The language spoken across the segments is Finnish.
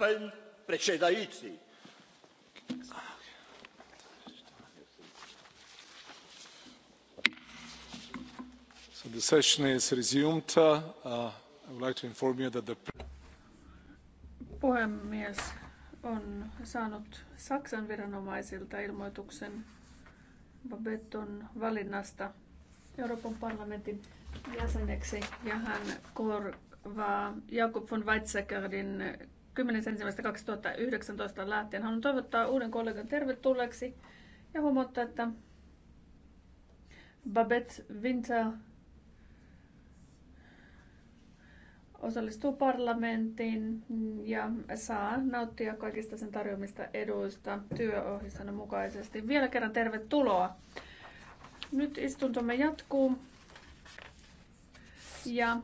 pán predsedajúci so the session is resumed. Uh, i would like to inform you that the. puhemies on saanut saksan viranomaisilta ilmoituksen Babetton valinnasta Euroopan parlamentin jäseneksi ja hän korvaa Jakob von Weizsäckerin 10.1.2019 lähtien. Haluan toivottaa uuden kollegan tervetulleeksi ja huomauttaa, että Babette Winter osallistuu parlamenttiin ja saa nauttia kaikista sen tarjoamista eduista työohjelman mukaisesti. Vielä kerran tervetuloa. Nyt istuntomme jatkuu. Ja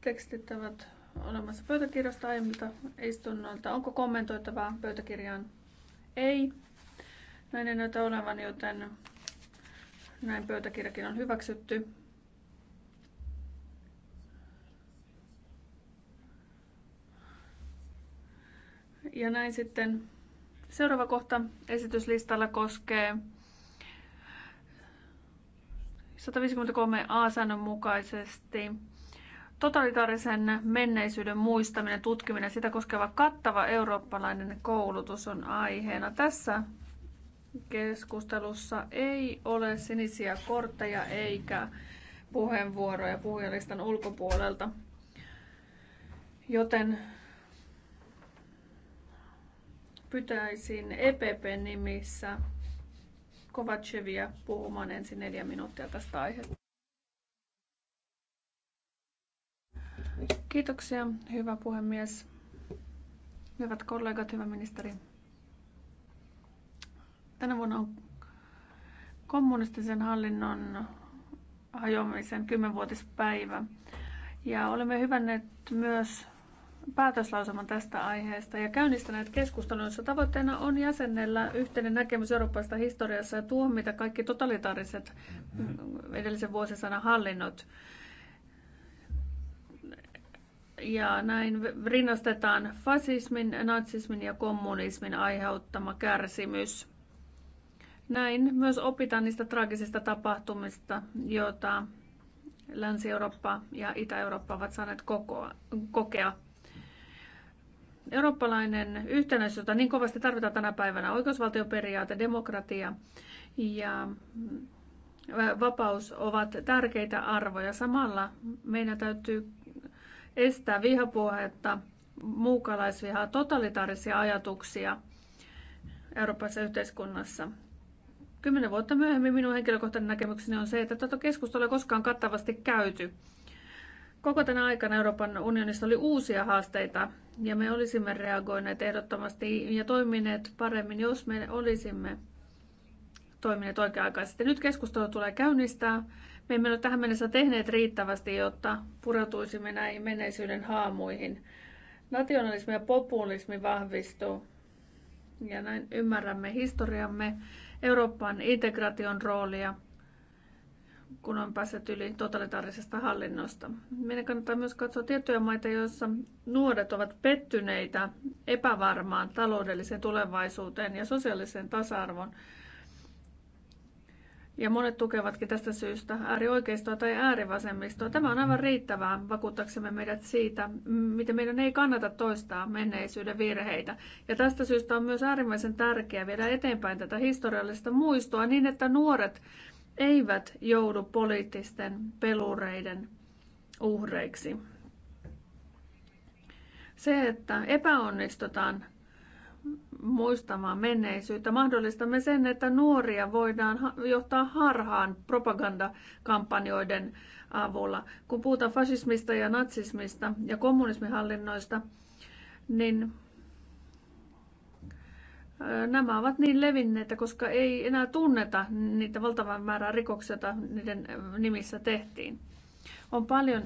Tekstit ovat olemassa pöytäkirjasta aiemmilta istunnoilta. Onko kommentoitavaa pöytäkirjaan? Ei. Näin ei näytä olevan, joten näin pöytäkirjakin on hyväksytty. Ja näin sitten seuraava kohta esityslistalla koskee 153a säännön mukaisesti totalitaarisen menneisyyden muistaminen, tutkiminen, sitä koskeva kattava eurooppalainen koulutus on aiheena. Tässä keskustelussa ei ole sinisiä kortteja eikä puheenvuoroja puhujalistan ulkopuolelta. Joten pyytäisin EPP-nimissä Kovacevia puhumaan ensin neljä minuuttia tästä aiheesta. Kiitoksia, hyvä puhemies. Hyvät kollegat, hyvä ministeri. Tänä vuonna on kommunistisen hallinnon hajoamisen kymmenvuotispäivä. Ja olemme hyvänneet myös päätöslauselman tästä aiheesta ja käynnistäneet keskustelun, jossa tavoitteena on jäsennellä yhteinen näkemys eurooppaista historiassa ja tuomita kaikki totalitaariset mm, edellisen vuosisadan hallinnot ja näin rinnastetaan fasismin, natsismin ja kommunismin aiheuttama kärsimys. Näin myös opitaan niistä traagisista tapahtumista, joita Länsi-Eurooppa ja Itä-Eurooppa ovat saaneet kokoa, kokea. Eurooppalainen yhtenäisyys, jota niin kovasti tarvitaan tänä päivänä, oikeusvaltioperiaate, demokratia ja vapaus ovat tärkeitä arvoja. Samalla meidän täytyy estää vihapuhetta, muukalaisvihaa, totalitaarisia ajatuksia Euroopassa yhteiskunnassa. Kymmenen vuotta myöhemmin minun henkilökohtainen näkemykseni on se, että tätä keskustelua ei koskaan kattavasti käyty. Koko tänä aikana Euroopan unionissa oli uusia haasteita ja me olisimme reagoineet ehdottomasti ja toimineet paremmin, jos me olisimme toimineet oikea-aikaisesti. Nyt keskustelu tulee käynnistää me emme ole tähän mennessä tehneet riittävästi, jotta pureutuisimme näihin menneisyyden haamuihin. Nationalismi ja populismi vahvistuu. Ja näin ymmärrämme historiamme, Euroopan integraation roolia, kun on päässyt yli totalitaarisesta hallinnosta. Meidän kannattaa myös katsoa tiettyjä maita, joissa nuoret ovat pettyneitä epävarmaan taloudelliseen tulevaisuuteen ja sosiaaliseen tasa-arvoon ja monet tukevatkin tästä syystä äärioikeistoa tai äärivasemmistoa. Tämä on aivan riittävää vakuuttaksemme meidät siitä, miten meidän ei kannata toistaa menneisyyden virheitä. Ja tästä syystä on myös äärimmäisen tärkeää viedä eteenpäin tätä historiallista muistoa niin, että nuoret eivät joudu poliittisten pelureiden uhreiksi. Se, että epäonnistutaan muistamaan menneisyyttä. Mahdollistamme sen, että nuoria voidaan johtaa harhaan propagandakampanjoiden avulla. Kun puhutaan fasismista ja natsismista ja kommunismihallinnoista, niin nämä ovat niin levinneitä, koska ei enää tunneta niitä valtavan määrää rikoksia, joita niiden nimissä tehtiin. On paljon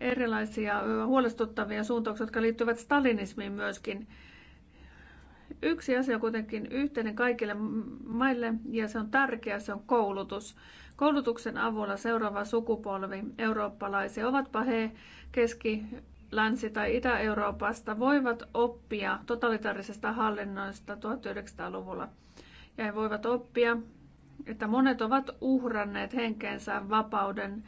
erilaisia huolestuttavia suuntauksia, jotka liittyvät stalinismiin myöskin. Yksi asia kuitenkin yhteinen kaikille maille ja se on tärkeä, se on koulutus. Koulutuksen avulla seuraava sukupolvi eurooppalaisia, ovatpa he keski, länsi- tai itä-Euroopasta, voivat oppia totalitarisesta hallinnoista 1900-luvulla. Ja he voivat oppia, että monet ovat uhranneet henkeensä vapauden,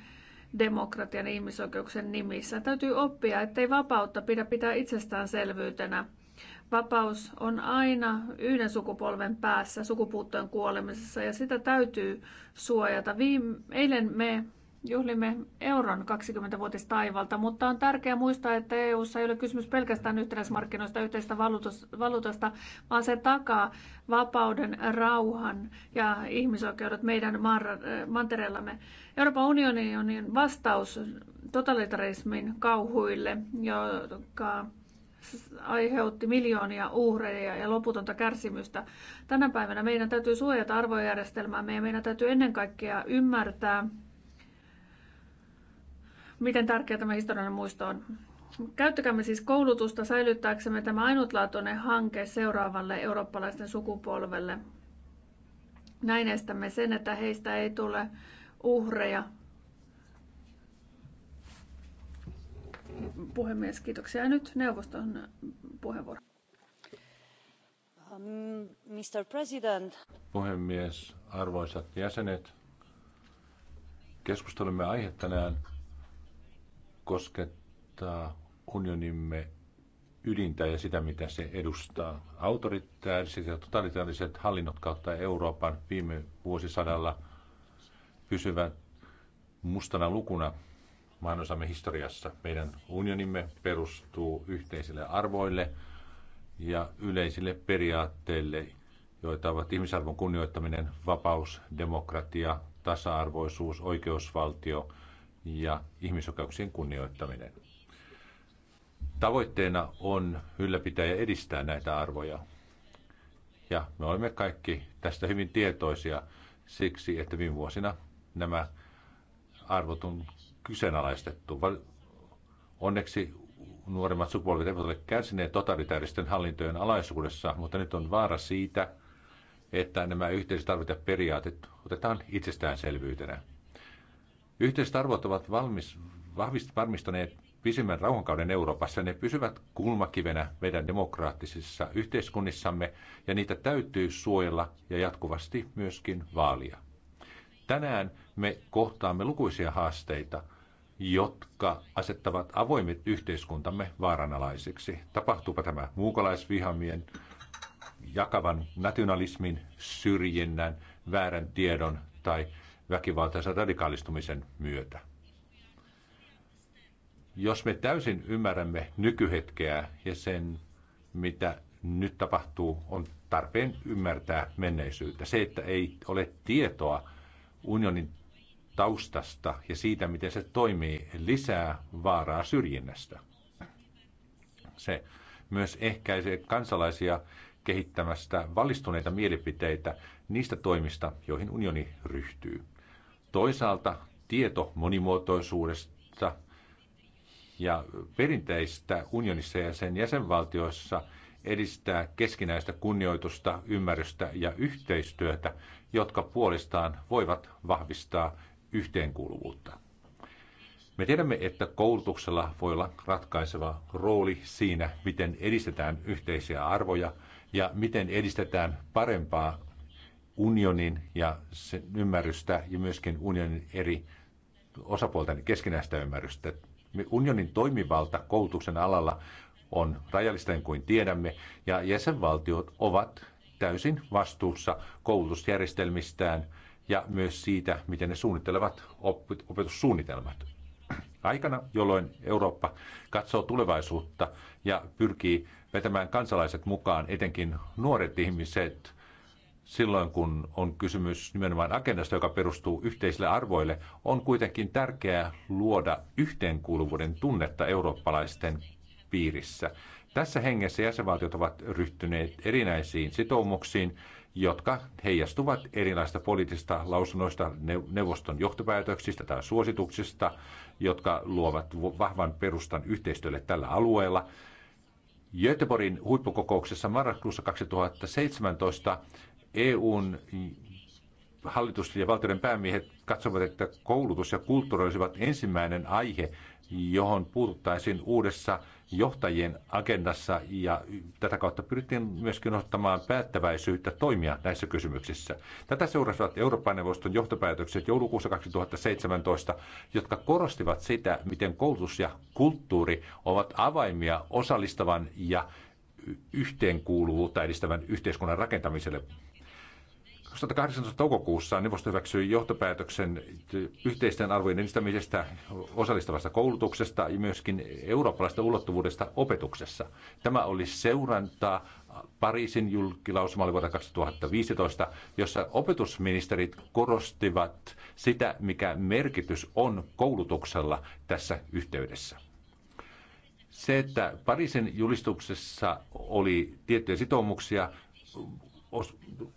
demokratian ja ihmisoikeuksien nimissä. Täytyy oppia, ettei vapautta pidä pitää itsestäänselvyytenä – Vapaus on aina yhden sukupolven päässä sukupuuttojen kuolemisessa ja sitä täytyy suojata. Viime, eilen me juhlimme euron 20-vuotista taivalta, mutta on tärkeää muistaa, että EU:ssa ei ole kysymys pelkästään yhtenäismarkkinoista yhteistä valuutasta, vaan se takaa vapauden, rauhan ja ihmisoikeudet meidän mantereellamme. Euroopan unioni on vastaus totalitarismin kauhuille, joka aiheutti miljoonia uhreja ja loputonta kärsimystä. Tänä päivänä meidän täytyy suojata arvojärjestelmäämme ja meidän täytyy ennen kaikkea ymmärtää, miten tärkeä tämä historiallinen muisto on. Käyttäkäämme siis koulutusta säilyttääksemme tämä ainutlaatuinen hanke seuraavalle eurooppalaisten sukupolvelle. Näin estämme sen, että heistä ei tule uhreja puhemies. Kiitoksia. Ja nyt neuvoston puheenvuoro. Mr. Um, President. Puhemies, arvoisat jäsenet, keskustelemme aihe tänään koskettaa unionimme ydintä ja sitä, mitä se edustaa. Autoritaariset ja totalitaariset hallinnot kautta Euroopan viime vuosisadalla pysyvät mustana lukuna maanosamme historiassa. Meidän unionimme perustuu yhteisille arvoille ja yleisille periaatteille, joita ovat ihmisarvon kunnioittaminen, vapaus, demokratia, tasa-arvoisuus, oikeusvaltio ja ihmisoikeuksien kunnioittaminen. Tavoitteena on ylläpitää ja edistää näitä arvoja. Ja me olemme kaikki tästä hyvin tietoisia siksi, että viime vuosina nämä arvot on kyseenalaistettu. Onneksi nuoremmat sukupolvet eivät ole kärsineet totalitaaristen hallintojen alaisuudessa, mutta nyt on vaara siitä, että nämä yhteiset arvot ja periaatteet otetaan itsestäänselvyytenä. Yhteiset arvot ovat valmis, vahvist, varmistaneet pisimmän rauhankauden Euroopassa. Ne pysyvät kulmakivenä meidän demokraattisissa yhteiskunnissamme ja niitä täytyy suojella ja jatkuvasti myöskin vaalia. Tänään me kohtaamme lukuisia haasteita – jotka asettavat avoimet yhteiskuntamme vaaranalaisiksi. Tapahtuupa tämä muukalaisvihamien, jakavan nationalismin, syrjinnän, väärän tiedon tai väkivaltaisen radikaalistumisen myötä. Jos me täysin ymmärrämme nykyhetkeä ja sen, mitä nyt tapahtuu, on tarpeen ymmärtää menneisyyttä. Se, että ei ole tietoa unionin taustasta ja siitä, miten se toimii, lisää vaaraa syrjinnästä. Se myös ehkäisee kansalaisia kehittämästä valistuneita mielipiteitä niistä toimista, joihin unioni ryhtyy. Toisaalta tieto monimuotoisuudesta ja perinteistä unionissa ja sen jäsenvaltioissa edistää keskinäistä kunnioitusta, ymmärrystä ja yhteistyötä, jotka puolestaan voivat vahvistaa yhteenkuuluvuutta. Me tiedämme, että koulutuksella voi olla ratkaiseva rooli siinä, miten edistetään yhteisiä arvoja ja miten edistetään parempaa unionin ja sen ymmärrystä ja myöskin unionin eri osapuolten keskinäistä ymmärrystä. Unionin toimivalta koulutuksen alalla on rajallista kuin tiedämme, ja jäsenvaltiot ovat täysin vastuussa koulutusjärjestelmistään – ja myös siitä, miten ne suunnittelevat opetussuunnitelmat. Aikana, jolloin Eurooppa katsoo tulevaisuutta ja pyrkii vetämään kansalaiset mukaan, etenkin nuoret ihmiset, silloin kun on kysymys nimenomaan agendasta, joka perustuu yhteisille arvoille, on kuitenkin tärkeää luoda yhteenkuuluvuuden tunnetta eurooppalaisten piirissä. Tässä hengessä jäsenvaltiot ovat ryhtyneet erinäisiin sitoumuksiin, jotka heijastuvat erilaisista poliittisista lausunnoista, neuvoston johtopäätöksistä tai suosituksista, jotka luovat vahvan perustan yhteistyölle tällä alueella. Göteborgin huippukokouksessa marraskuussa 2017 EUn hallitus ja valtioiden päämiehet katsovat, että koulutus ja kulttuuri olisivat ensimmäinen aihe, johon puututtaisiin uudessa johtajien agendassa ja tätä kautta pyrittiin myöskin ottamaan päättäväisyyttä toimia näissä kysymyksissä. Tätä seurasivat Euroopan neuvoston johtopäätökset joulukuussa 2017, jotka korostivat sitä, miten koulutus ja kulttuuri ovat avaimia osallistavan ja yhteenkuuluvuutta edistävän yhteiskunnan rakentamiselle. 2018 toukokuussa neuvosto hyväksyi johtopäätöksen yhteisten arvojen edistämisestä, osallistavasta koulutuksesta ja myöskin eurooppalaisesta ulottuvuudesta opetuksessa. Tämä oli seurantaa Pariisin julkilausumalle oli vuodelta 2015, jossa opetusministerit korostivat sitä, mikä merkitys on koulutuksella tässä yhteydessä. Se, että Pariisin julistuksessa oli tiettyjä sitoumuksia,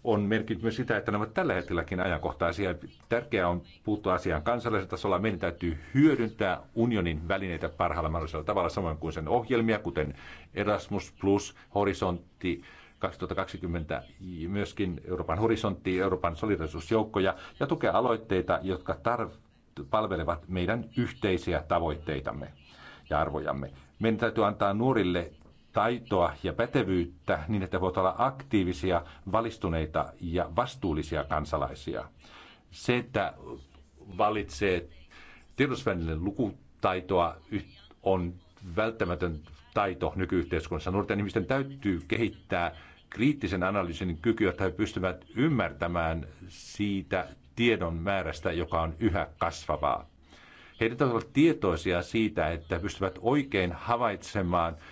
on merkitty myös sitä, että nämä ovat tällä hetkelläkin ajankohtaisia. Tärkeää on puuttua asiaan kansallisella tasolla. Meidän täytyy hyödyntää unionin välineitä parhaalla mahdollisella tavalla, samoin kuin sen ohjelmia, kuten Erasmus+, Plus, Horisontti 2020, myöskin Euroopan horisontti, Euroopan solidarisuusjoukkoja ja tukea aloitteita, jotka tarv- palvelevat meidän yhteisiä tavoitteitamme ja arvojamme. Meidän täytyy antaa nuorille taitoa ja pätevyyttä niin, että voit olla aktiivisia, valistuneita ja vastuullisia kansalaisia. Se, että valitsee tiedotusvälineen lukutaitoa, on välttämätön taito nykyyhteiskunnassa. Nuorten ihmisten täytyy kehittää kriittisen analyysin kykyä, jotta he pystyvät ymmärtämään siitä tiedon määrästä, joka on yhä kasvavaa. Heidän täytyy olla tietoisia siitä, että pystyvät oikein havaitsemaan –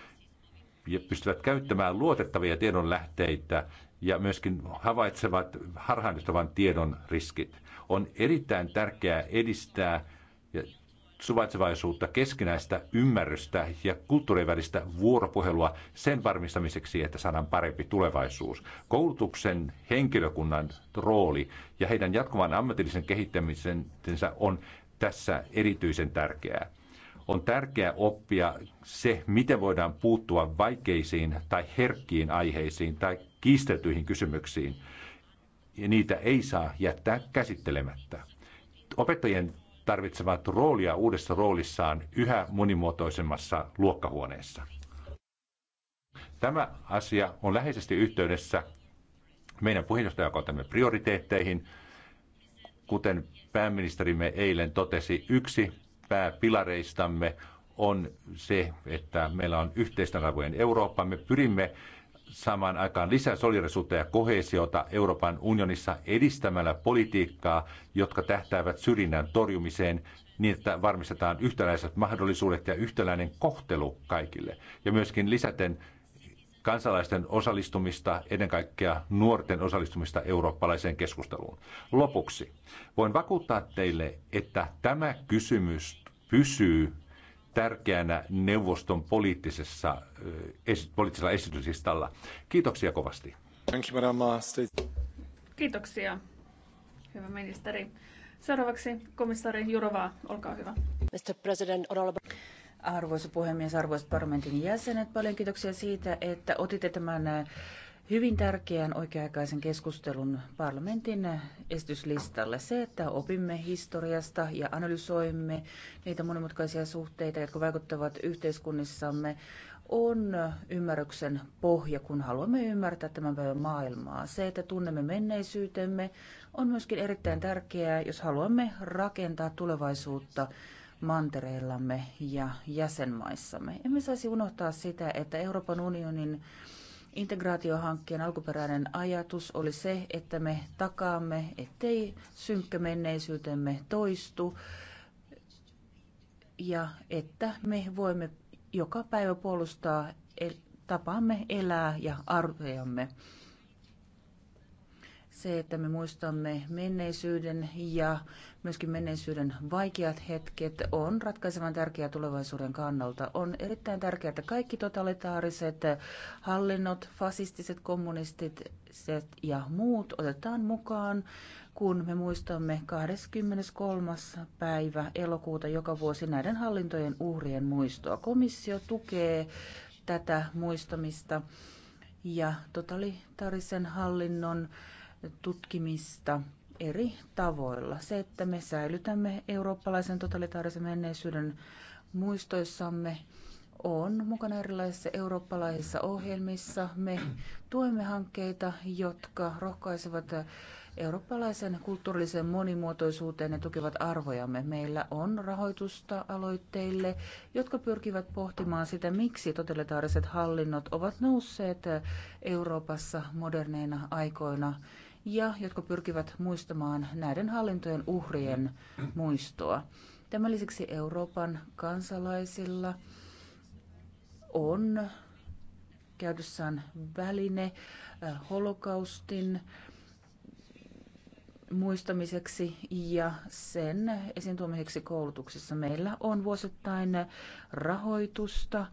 pystyvät käyttämään luotettavia tiedonlähteitä ja myöskin havaitsevat harhaanjohtavan tiedon riskit. On erittäin tärkeää edistää suvaitsevaisuutta, keskinäistä ymmärrystä ja kulttuurien välistä vuoropuhelua sen varmistamiseksi, että saadaan parempi tulevaisuus. Koulutuksen henkilökunnan rooli ja heidän jatkuvan ammatillisen kehittämisensä on tässä erityisen tärkeää. On tärkeää oppia se, miten voidaan puuttua vaikeisiin tai herkkiin aiheisiin tai kiisteltyihin kysymyksiin. Ja niitä ei saa jättää käsittelemättä. Opettajien tarvitsevat roolia uudessa roolissaan yhä monimuotoisemmassa luokkahuoneessa. Tämä asia on läheisesti yhteydessä meidän puheenjohtajakautemme prioriteetteihin. Kuten pääministerimme eilen totesi, yksi pääpilareistamme on se, että meillä on yhteisten arvojen Eurooppa. Me pyrimme saamaan aikaan lisää solidarisuutta ja kohesiota Euroopan unionissa edistämällä politiikkaa, jotka tähtäävät syrjinnän torjumiseen niin, että varmistetaan yhtäläiset mahdollisuudet ja yhtäläinen kohtelu kaikille. Ja myöskin lisäten kansalaisten osallistumista, ennen kaikkea nuorten osallistumista eurooppalaiseen keskusteluun. Lopuksi voin vakuuttaa teille, että tämä kysymys pysyy tärkeänä neuvoston poliittisessa, poliittisella esityslistalla. Kiitoksia kovasti. Uh, Kiitoksia, hyvä ministeri. Seuraavaksi komissaari Jurova, olkaa hyvä. Mr. President, honorable... Arvoisa puhemies, arvoisat parlamentin jäsenet, paljon kiitoksia siitä, että otitte tämän hyvin tärkeän oikea-aikaisen keskustelun parlamentin esityslistalle. Se, että opimme historiasta ja analysoimme niitä monimutkaisia suhteita, jotka vaikuttavat yhteiskunnissamme, on ymmärryksen pohja, kun haluamme ymmärtää tämän päivän maailmaa. Se, että tunnemme menneisyytemme, on myöskin erittäin tärkeää, jos haluamme rakentaa tulevaisuutta mantereillamme ja jäsenmaissamme. Emme saisi unohtaa sitä, että Euroopan unionin integraatiohankkeen alkuperäinen ajatus oli se, että me takaamme, ettei synkkä menneisyytemme toistu ja että me voimme joka päivä puolustaa tapaamme elää ja arvojamme se, että me muistamme menneisyyden ja myöskin menneisyyden vaikeat hetket, on ratkaisevan tärkeää tulevaisuuden kannalta. On erittäin tärkeää, että kaikki totalitaariset hallinnot, fasistiset, kommunistit ja muut otetaan mukaan, kun me muistamme 23. päivä elokuuta joka vuosi näiden hallintojen uhrien muistoa. Komissio tukee tätä muistamista ja totalitaarisen hallinnon tutkimista eri tavoilla. Se, että me säilytämme eurooppalaisen totalitaarisen menneisyyden muistoissamme, on mukana erilaisissa eurooppalaisissa ohjelmissa. Me tuemme hankkeita, jotka rohkaisevat eurooppalaisen kulttuurisen monimuotoisuuteen ja tukevat arvojamme. Meillä on rahoitusta aloitteille, jotka pyrkivät pohtimaan sitä, miksi totalitaariset hallinnot ovat nousseet Euroopassa moderneina aikoina ja jotka pyrkivät muistamaan näiden hallintojen uhrien muistoa. Tämän lisäksi Euroopan kansalaisilla on käytössään väline äh, holokaustin muistamiseksi ja sen esiin tuomiseksi koulutuksessa. Meillä on vuosittain rahoitusta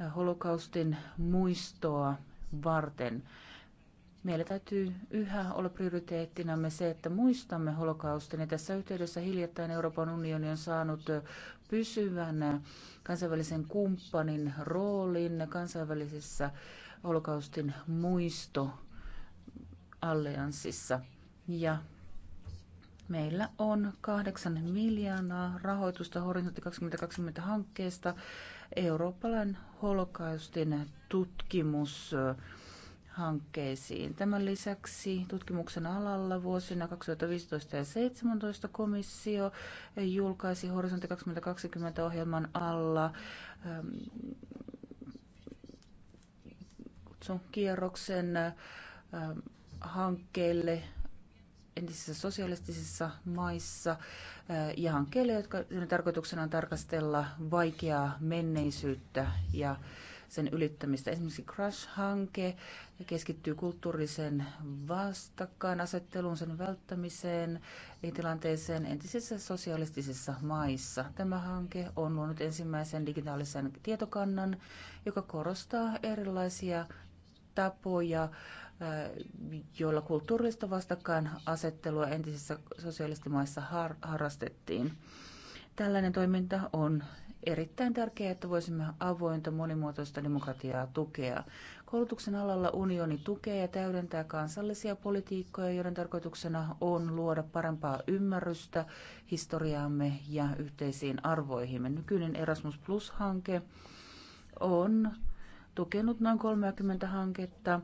äh, holokaustin muistoa varten. Meillä täytyy yhä olla prioriteettinamme se, että muistamme holokaustin. Ja tässä yhteydessä hiljattain Euroopan unioni on saanut pysyvän kansainvälisen kumppanin roolin kansainvälisessä holokaustin muistoallianssissa. Ja meillä on kahdeksan miljoonaa rahoitusta Horisontti 2020 hankkeesta eurooppalainen holokaustin tutkimus hankkeisiin. Tämän lisäksi tutkimuksen alalla vuosina 2015 ja 2017 komissio julkaisi Horisontti 2020 ohjelman alla ähm, kierroksen ähm, hankkeille entisissä sosialistisissa maissa äh, ja hankkeille, jotka tarkoituksena on tarkastella vaikeaa menneisyyttä ja sen ylittämistä. Esimerkiksi Crush-hanke keskittyy kulttuurisen vastakkainasetteluun, sen välttämiseen ja tilanteeseen entisissä sosialistisissa maissa. Tämä hanke on luonut ensimmäisen digitaalisen tietokannan, joka korostaa erilaisia tapoja, äh, joilla kulttuurista vastakkainasettelua entisissä sosialistimaissa har- harrastettiin. Tällainen toiminta on erittäin tärkeää, että voisimme avointa monimuotoista demokratiaa tukea. Koulutuksen alalla unioni tukee ja täydentää kansallisia politiikkoja, joiden tarkoituksena on luoda parempaa ymmärrystä historiaamme ja yhteisiin arvoihimme. Nykyinen Erasmus Plus-hanke on tukenut noin 30 hanketta,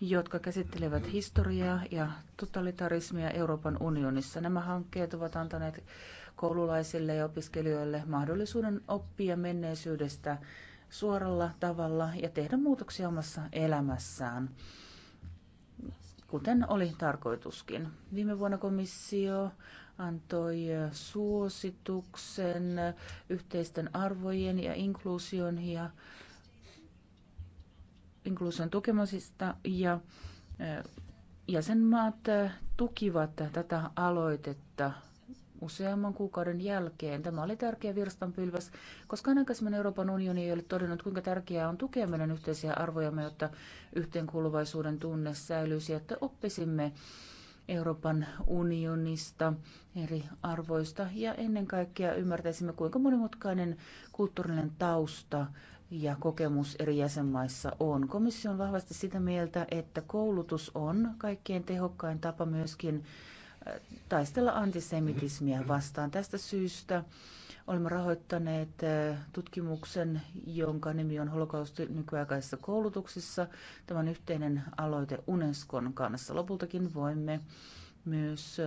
jotka käsittelevät historiaa ja totalitarismia Euroopan unionissa. Nämä hankkeet ovat antaneet koululaisille ja opiskelijoille mahdollisuuden oppia menneisyydestä suoralla tavalla ja tehdä muutoksia omassa elämässään, kuten oli tarkoituskin. Viime vuonna komissio antoi suosituksen yhteisten arvojen ja inkluusion ja inkluusion tukemisesta ja jäsenmaat tukivat tätä aloitetta useamman kuukauden jälkeen. Tämä oli tärkeä virstanpylväs, koska aikaisemmin Euroopan unioni ei ole todennut, kuinka tärkeää on tukea meidän yhteisiä arvojamme, jotta yhteenkuuluvaisuuden tunne säilyisi, että oppisimme Euroopan unionista, eri arvoista ja ennen kaikkea ymmärtäisimme, kuinka monimutkainen kulttuurinen tausta ja kokemus eri jäsenmaissa on. Komissio on vahvasti sitä mieltä, että koulutus on kaikkein tehokkain tapa myöskin taistella antisemitismiä vastaan. Tästä syystä olemme rahoittaneet tutkimuksen, jonka nimi on Holokausti nykyaikaisessa koulutuksessa. Tämä on yhteinen aloite Unescon kanssa. Lopultakin voimme myös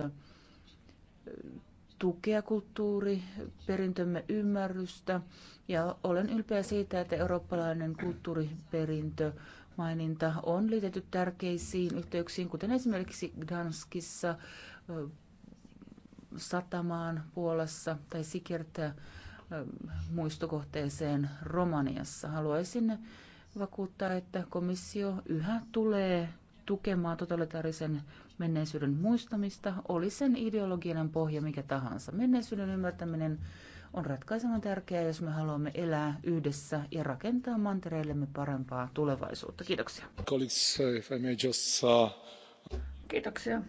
tukea kulttuuriperintömme ymmärrystä. Ja olen ylpeä siitä, että eurooppalainen kulttuuriperintö maininta on liitetty tärkeisiin yhteyksiin, kuten esimerkiksi Gdanskissa satamaan Puolassa tai Sikertä muistokohteeseen Romaniassa. Haluaisin vakuuttaa, että komissio yhä tulee tukemaan totalitaarisen menneisyyden muistamista, oli sen ideologinen pohja mikä tahansa. Menneisyyden ymmärtäminen on ratkaisevan tärkeää, jos me haluamme elää yhdessä ja rakentaa mantereillemme parempaa tulevaisuutta. Kiitoksia. Uh, Kiitoksia.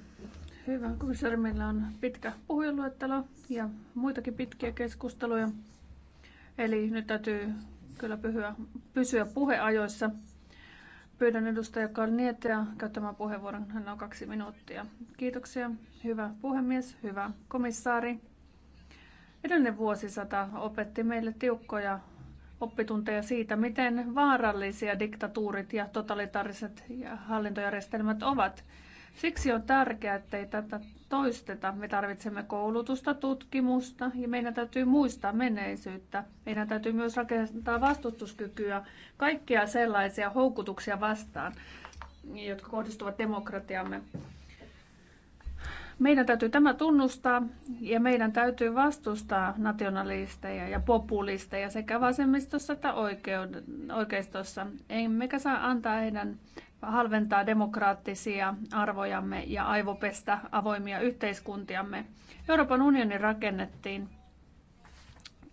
Hyvä. Komissaari, meillä on pitkä puhujaluettelo ja muitakin pitkiä keskusteluja. Eli nyt täytyy kyllä pysyä, pysyä puheajoissa. Pyydän edustaja Kalnietea käyttämään puheenvuoron. Hän on kaksi minuuttia. Kiitoksia. Hyvä puhemies, hyvä komissaari. Edellinen vuosisata opetti meille tiukkoja oppitunteja siitä, miten vaarallisia diktatuurit ja totalitaariset hallintojärjestelmät ovat. Siksi on tärkeää, että ei tätä toisteta. Me tarvitsemme koulutusta, tutkimusta ja meidän täytyy muistaa menneisyyttä. Meidän täytyy myös rakentaa vastustuskykyä kaikkia sellaisia houkutuksia vastaan, jotka kohdistuvat demokratiamme. Meidän täytyy tämä tunnustaa ja meidän täytyy vastustaa nationalisteja ja populisteja sekä vasemmistossa että oikeistossa. Emmekä saa antaa heidän halventaa demokraattisia arvojamme ja aivopestä avoimia yhteiskuntiamme. Euroopan unioni rakennettiin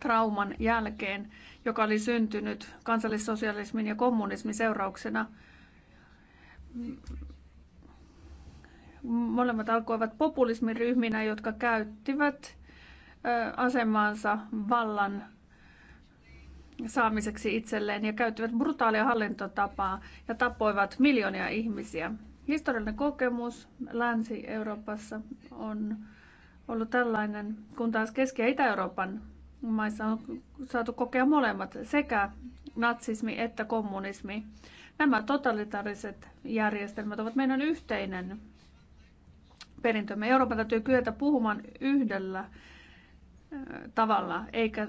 trauman jälkeen, joka oli syntynyt kansallissosialismin ja kommunismin seurauksena Molemmat alkoivat populismiryhminä, jotka käyttivät asemaansa vallan saamiseksi itselleen ja käyttivät brutaalia hallintotapaa ja tapoivat miljoonia ihmisiä. Historiallinen kokemus Länsi-Euroopassa on ollut tällainen, kun taas Keski- ja Itä-Euroopan maissa on saatu kokea molemmat, sekä natsismi että kommunismi. Nämä totalitariset järjestelmät ovat meidän yhteinen perintömme. Euroopan täytyy kyetä puhumaan yhdellä tavalla, eikä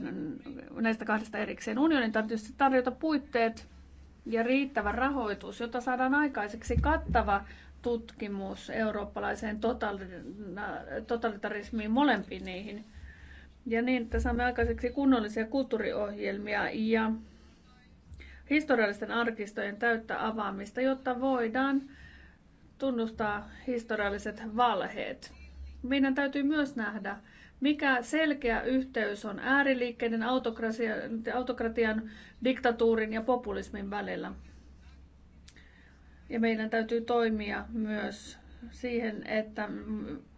näistä kahdesta erikseen. Unionin täytyy tarjota puitteet ja riittävä rahoitus, jotta saadaan aikaiseksi kattava tutkimus eurooppalaiseen totalitarismiin molempiin niihin. Ja niin, että saamme aikaiseksi kunnollisia kulttuuriohjelmia ja historiallisten arkistojen täyttä avaamista, jotta voidaan tunnustaa historialliset valheet. Meidän täytyy myös nähdä, mikä selkeä yhteys on ääriliikkeiden, autokratian, diktatuurin ja populismin välillä. Ja meidän täytyy toimia myös siihen, että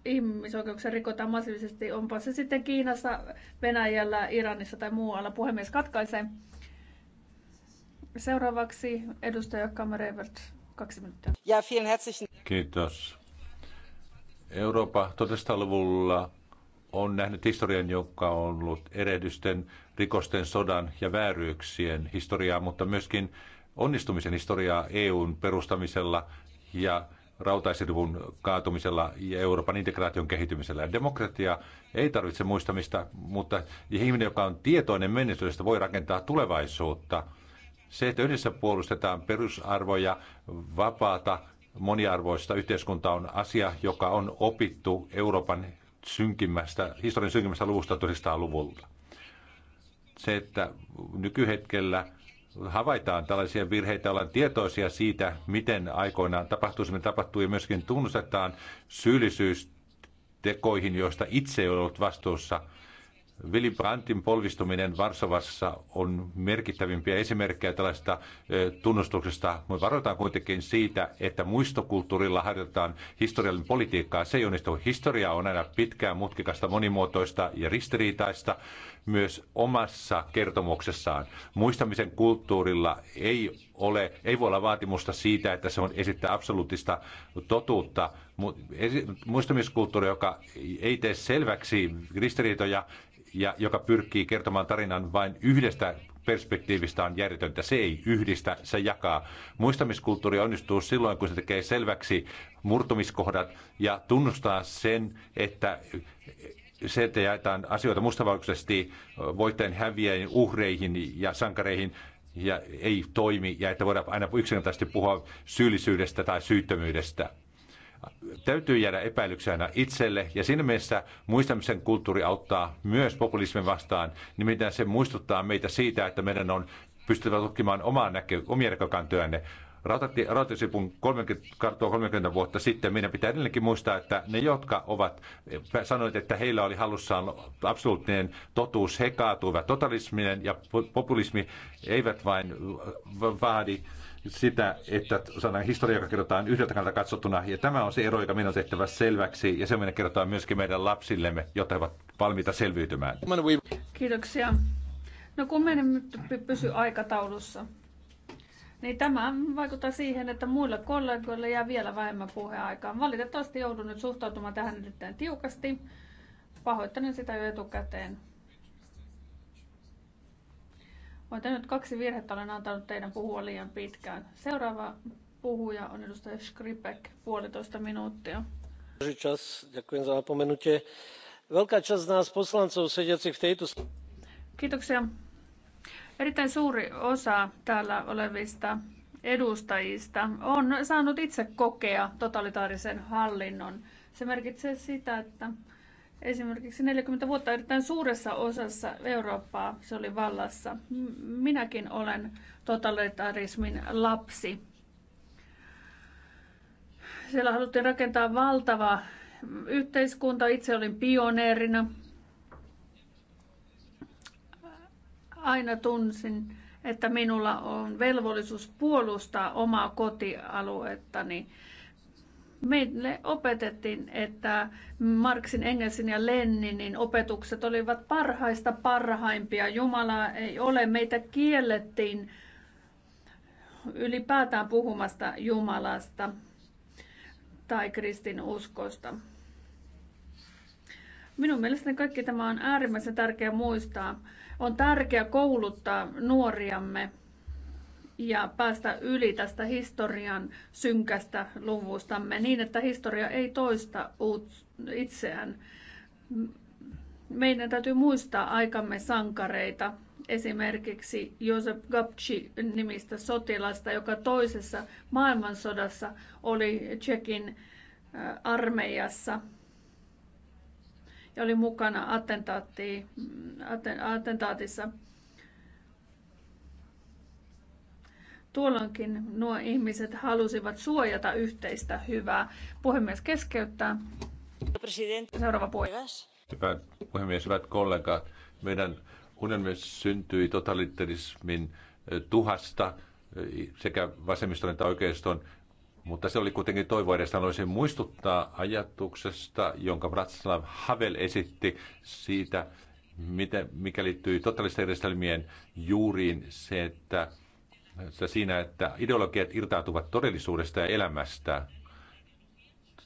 ihmisoikeuksia rikotaan massiivisesti, onpa se sitten Kiinassa, Venäjällä, Iranissa tai muualla. Puhemies katkaisee. Seuraavaksi edustaja Kamerevert. Kiitos. Eurooppa 1900-luvulla on nähnyt historian, joka on ollut erehdysten, rikosten, sodan ja vääryyksien historiaa, mutta myöskin onnistumisen historiaa EUn perustamisella ja rautaisirvun kaatumisella ja Euroopan integraation kehittymisellä. Demokratia ei tarvitse muistamista, mutta ihminen, joka on tietoinen menestyksestä, voi rakentaa tulevaisuutta – se, että yhdessä puolustetaan perusarvoja, vapaata, moniarvoista yhteiskuntaa on asia, joka on opittu Euroopan synkimmästä, historian synkimmästä luvusta 1900-luvulta. Se, että nykyhetkellä havaitaan tällaisia virheitä, ollaan tietoisia siitä, miten aikoinaan tapahtuisimme tapahtuu ja myöskin tunnustetaan syyllisyys tekoihin, joista itse ei ollut vastuussa – Willy Brandtin polvistuminen Varsovassa on merkittävimpiä esimerkkejä tällaista tunnustuksesta, mutta varoitaan kuitenkin siitä, että muistokulttuurilla harjoitetaan historiallinen politiikkaa. Se ei onnistu. Historia on aina pitkää, mutkikasta, monimuotoista ja ristiriitaista myös omassa kertomuksessaan. Muistamisen kulttuurilla ei, ole, ei voi olla vaatimusta siitä, että se on esittää absoluuttista totuutta. Muistamiskulttuuri, joka ei tee selväksi ristiriitoja, ja joka pyrkii kertomaan tarinan vain yhdestä perspektiivistä on järjetöntä. Se ei yhdistä, se jakaa. Muistamiskulttuuri onnistuu silloin, kun se tekee selväksi murtumiskohdat ja tunnustaa sen, että se, että jaetaan asioita mustavauksesti voittajien häviäjien uhreihin ja sankareihin, ja ei toimi, ja että voidaan aina yksinkertaisesti puhua syyllisyydestä tai syyttömyydestä täytyy jäädä epäilyksiä aina itselle. Ja siinä mielessä muistamisen kulttuuri auttaa myös populismin vastaan. Nimittäin se muistuttaa meitä siitä, että meidän on pystyttävä tutkimaan omaa näkö, omia näkökantojanne. Rautasipun 30, 30 vuotta sitten meidän pitää edelleenkin muistaa, että ne, jotka ovat eh, sanoneet, että heillä oli hallussaan absoluuttinen totuus, he kaatuivat. Totalisminen ja populismi eivät vain vaadi sitä, että sanan historia, joka kerrotaan yhdeltä kannalta katsottuna. Ja tämä on se ero, joka meidän on tehtävä selväksi, ja se meidän kerrotaan myöskin meidän lapsillemme, jotta he ovat valmiita selviytymään. Kiitoksia. No kun meidän nyt pysy aikataulussa, niin tämä vaikuttaa siihen, että muilla kollegoille jää vielä vähemmän puheaikaa. Valitettavasti joudun nyt suhtautumaan tähän erittäin tiukasti. Pahoittelen sitä jo etukäteen. Olen tehnyt kaksi virhettä, olen antanut teidän puhua liian pitkään. Seuraava puhuja on edustaja Skripek, puolitoista minuuttia. Čas, za napomenutie. Veľká nás poslancov sediacich v tejto... Kiitoksia. Erittäin suuri osa täällä olevista edustajista on saanut itse kokea totalitaarisen hallinnon. Se merkitsee sitä, että Esimerkiksi 40 vuotta erittäin suuressa osassa Eurooppaa se oli vallassa. Minäkin olen totalitarismin lapsi. Siellä haluttiin rakentaa valtava yhteiskunta. Itse olin pioneerina. Aina tunsin, että minulla on velvollisuus puolustaa omaa kotialuettani Meille opetettiin, että Marksin, Engelsin ja Lenninin opetukset olivat parhaista parhaimpia. Jumala ei ole. Meitä kiellettiin ylipäätään puhumasta Jumalasta tai kristin uskosta. Minun mielestäni kaikki tämä on äärimmäisen tärkeää muistaa. On tärkeää kouluttaa nuoriamme ja päästä yli tästä historian synkästä luvustamme niin, että historia ei toista itseään. Meidän täytyy muistaa aikamme sankareita, esimerkiksi Josep Gapci nimistä sotilasta, joka toisessa maailmansodassa oli Tsekin äh, armeijassa ja oli mukana attentaatti, attentaatissa. Tuolloinkin nuo ihmiset halusivat suojata yhteistä hyvää. Puhemies keskeyttää. Seuraava puhemies. Hyvä puhemies, hyvät kollegat. Meidän unelmme syntyi totalitarismin tuhasta sekä vasemmiston että oikeiston, mutta se oli kuitenkin toivo edes. Haluaisin muistuttaa ajatuksesta, jonka Václav Havel esitti siitä, mitä, mikä liittyy totalitaristelmien juuriin, se, että siinä, että ideologiat irtautuvat todellisuudesta ja elämästä.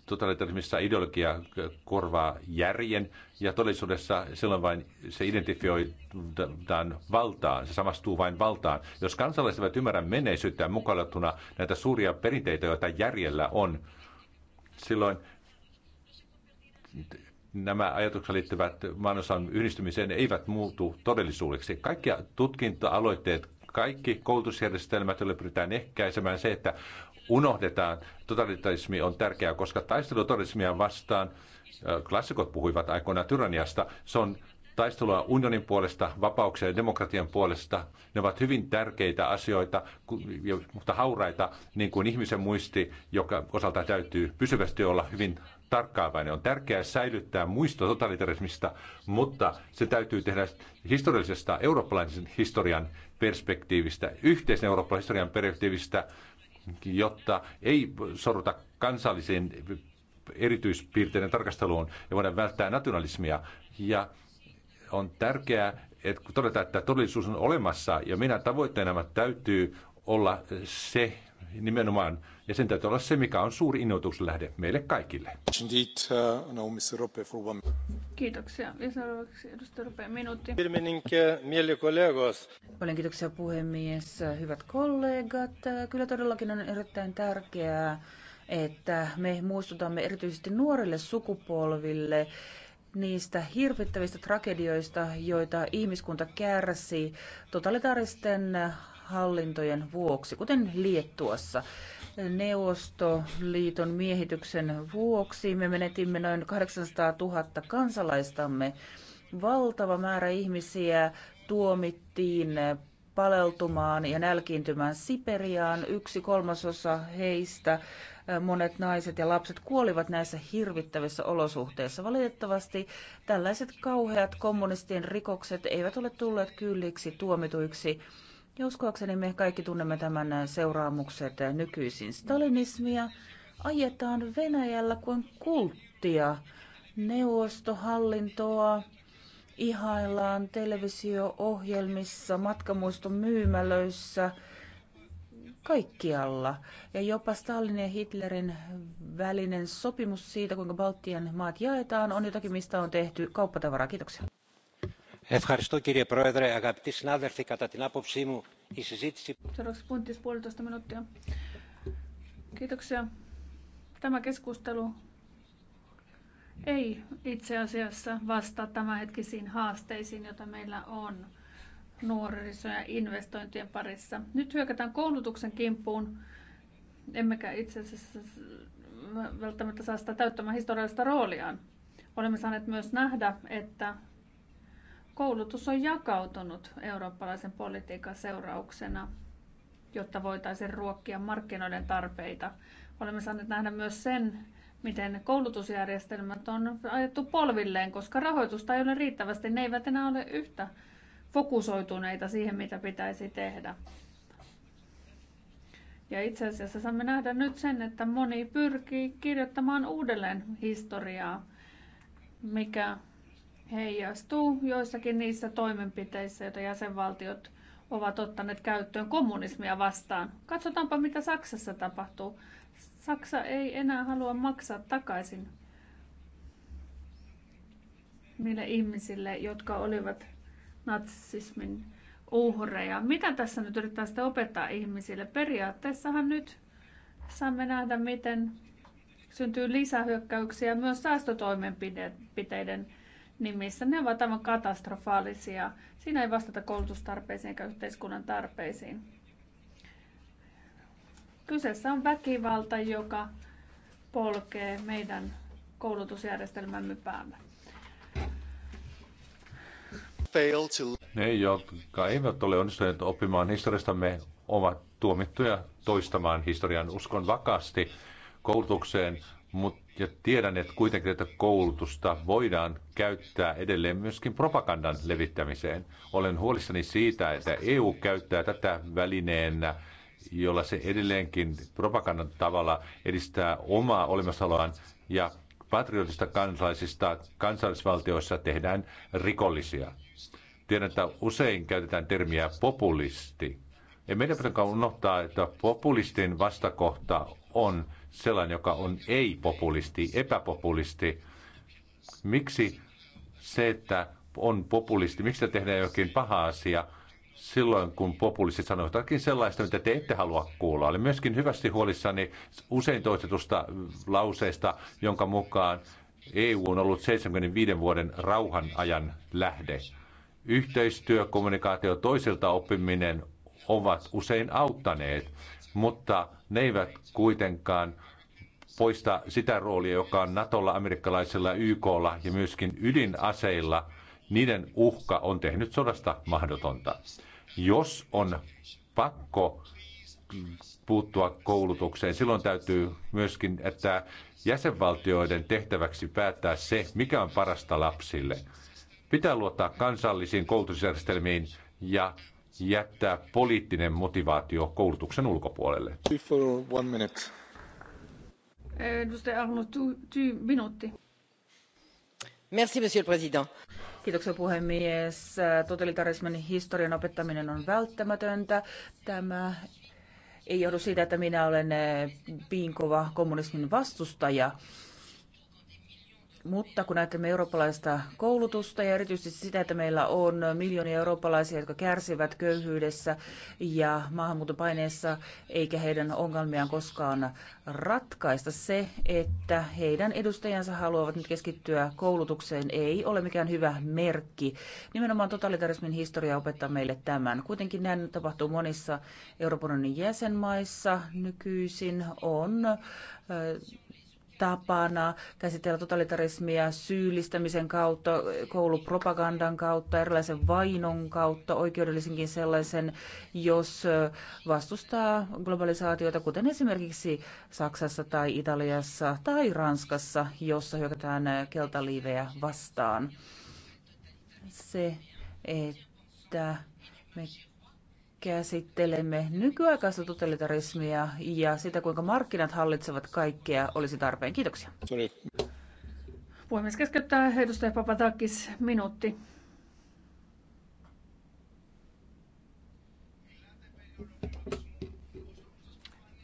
Totalitarismissa ideologia korvaa järjen ja todellisuudessa silloin vain se identifioidaan valtaan, se samastuu vain valtaan. Jos kansalaiset eivät ymmärrä menneisyyttä mukalattuna näitä suuria perinteitä, joita järjellä on, silloin nämä ajatukset liittyvät maanosan yhdistymiseen eivät muutu todellisuudeksi. Kaikki tutkinta-aloitteet kaikki koulutusjärjestelmät, joilla pyritään ehkäisemään se, että unohdetaan. Totalitarismi on tärkeää, koska taistelu todellismia vastaan, klassikot puhuivat aikoinaan tyranniasta, se on taistelua unionin puolesta, vapauksia ja demokratian puolesta. Ne ovat hyvin tärkeitä asioita, mutta hauraita, niin kuin ihmisen muisti, joka osalta täytyy pysyvästi olla hyvin tarkkaavainen. On tärkeää säilyttää muisto totalitarismista, mutta se täytyy tehdä historiallisesta eurooppalaisen historian perspektiivistä, yhteisen eurooppalaisen historian perspektiivistä, jotta ei sorruta kansallisiin erityispiirteiden tarkasteluun ja voidaan välttää nationalismia. Ja on tärkeää, että kun todetaan, että todellisuus on olemassa ja meidän tavoitteenamme täytyy olla se, nimenomaan, ja sen täytyy olla se, mikä on suuri innoituslähde meille kaikille. Uh, no, kiitoksia. Ja seuraavaksi edustaja Rope, minuutti. Paljon kiitoksia puhemies. Hyvät kollegat, kyllä todellakin on erittäin tärkeää, että me muistutamme erityisesti nuorille sukupolville niistä hirvittävistä tragedioista, joita ihmiskunta kärsi totalitaaristen hallintojen vuoksi, kuten Liettuassa. Neuvostoliiton miehityksen vuoksi me menetimme noin 800 000 kansalaistamme. Valtava määrä ihmisiä tuomittiin paleltumaan ja nälkiintymään Siperiaan. Yksi kolmasosa heistä, monet naiset ja lapset, kuolivat näissä hirvittävissä olosuhteissa. Valitettavasti tällaiset kauheat kommunistien rikokset eivät ole tulleet kylliksi tuomituiksi ja uskoakseni me kaikki tunnemme tämän seuraamukset nykyisin. Stalinismia ajetaan Venäjällä kuin kulttia, neuvostohallintoa, ihaillaan televisio-ohjelmissa, matkamuiston myymälöissä, kaikkialla. Ja jopa Stalin ja Hitlerin välinen sopimus siitä, kuinka Baltian maat jaetaan, on jotakin, mistä on tehty kauppatavaraa. Kiitoksia κύριε πρόεδρε αγαπητοί συνάδελφοι κατά την άποψή μου η συζήτηση. Siis Kiitoksia. Tämä keskustelu ei itse asiassa vastaa tämänhetkisiin haasteisiin, joita meillä on nuoriso- ja investointien parissa. Nyt hyökätään koulutuksen kimppuun, emmekä itse asiassa välttämättä saa sitä täyttämään historiallista rooliaan. Olemme saaneet myös nähdä, että koulutus on jakautunut eurooppalaisen politiikan seurauksena, jotta voitaisiin ruokkia markkinoiden tarpeita. Olemme saaneet nähdä myös sen, miten koulutusjärjestelmät on ajettu polvilleen, koska rahoitusta ei ole riittävästi. Ne eivät enää ole yhtä fokusoituneita siihen, mitä pitäisi tehdä. Ja itse asiassa saamme nähdä nyt sen, että moni pyrkii kirjoittamaan uudelleen historiaa, mikä heijastuu joissakin niissä toimenpiteissä, joita jäsenvaltiot ovat ottaneet käyttöön kommunismia vastaan. Katsotaanpa, mitä Saksassa tapahtuu. Saksa ei enää halua maksaa takaisin niille ihmisille, jotka olivat natsismin uhreja. Mitä tässä nyt yritetään sitten opettaa ihmisille? Periaatteessahan nyt saamme nähdä, miten syntyy lisähyökkäyksiä myös säästötoimenpiteiden nimissä, ne ovat aivan katastrofaalisia. Siinä ei vastata koulutustarpeisiin eikä yhteiskunnan tarpeisiin. Kyseessä on väkivalta, joka polkee meidän koulutusjärjestelmämme päällä. Ne, jotka eivät ole onnistuneet oppimaan historiastamme, ovat tuomittuja toistamaan historian uskon vakaasti koulutukseen, mutta ja tiedän, että kuitenkin tätä koulutusta voidaan käyttää edelleen myöskin propagandan levittämiseen. Olen huolissani siitä, että EU käyttää tätä välineenä, jolla se edelleenkin propagandan tavalla edistää omaa olemassaoloaan ja patriotista kansalaisista kansallisvaltioissa tehdään rikollisia. Tiedän, että usein käytetään termiä populisti. Ja meidän pitää unohtaa, että populistin vastakohta on – sellainen, joka on ei-populisti, epäpopulisti. Miksi se, että on populisti, miksi se tehdään jokin paha asia silloin, kun populistit sanovat jotakin sellaista, mitä te ette halua kuulla. Olen myöskin hyvästi huolissani usein toistetusta lauseesta, jonka mukaan EU on ollut 75 vuoden rauhan ajan lähde. Yhteistyö, kommunikaatio, toisilta oppiminen ovat usein auttaneet, mutta ne eivät kuitenkaan poista sitä roolia, joka on Natolla, amerikkalaisella YKlla ja myöskin ydinaseilla. Niiden uhka on tehnyt sodasta mahdotonta. Jos on pakko puuttua koulutukseen, silloin täytyy myöskin, että jäsenvaltioiden tehtäväksi päättää se, mikä on parasta lapsille. Pitää luottaa kansallisiin koulutusjärjestelmiin ja jättää poliittinen motivaatio koulutuksen ulkopuolelle. For one minute. Edustaja Arno, minuutti. Merci, monsieur le président. Kiitoksia puhemies. Totalitarismin historian opettaminen on välttämätöntä. Tämä ei johdu siitä, että minä olen eh, piinkova kommunismin vastustaja. Mutta kun ajattelemme eurooppalaista koulutusta ja erityisesti sitä, että meillä on miljoonia eurooppalaisia, jotka kärsivät köyhyydessä ja maahanmuuton paineessa, eikä heidän ongelmiaan koskaan ratkaista se, että heidän edustajansa haluavat nyt keskittyä koulutukseen, ei ole mikään hyvä merkki. Nimenomaan totalitarismin historia opettaa meille tämän. Kuitenkin näin tapahtuu monissa Euroopan unionin jäsenmaissa nykyisin on tapana käsitellä totalitarismia syyllistämisen kautta, koulupropagandan kautta, erilaisen vainon kautta, oikeudellisinkin sellaisen, jos vastustaa globalisaatiota, kuten esimerkiksi Saksassa tai Italiassa tai Ranskassa, jossa hyökätään keltaliivejä vastaan. Se, että me käsittelemme nykyaikaista totalitarismia ja sitä, kuinka markkinat hallitsevat kaikkea, olisi tarpeen. Kiitoksia. Sorry. Puhemies keskeyttää edustaja Papatakis minuutti.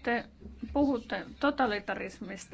Te puhutte totalitarismista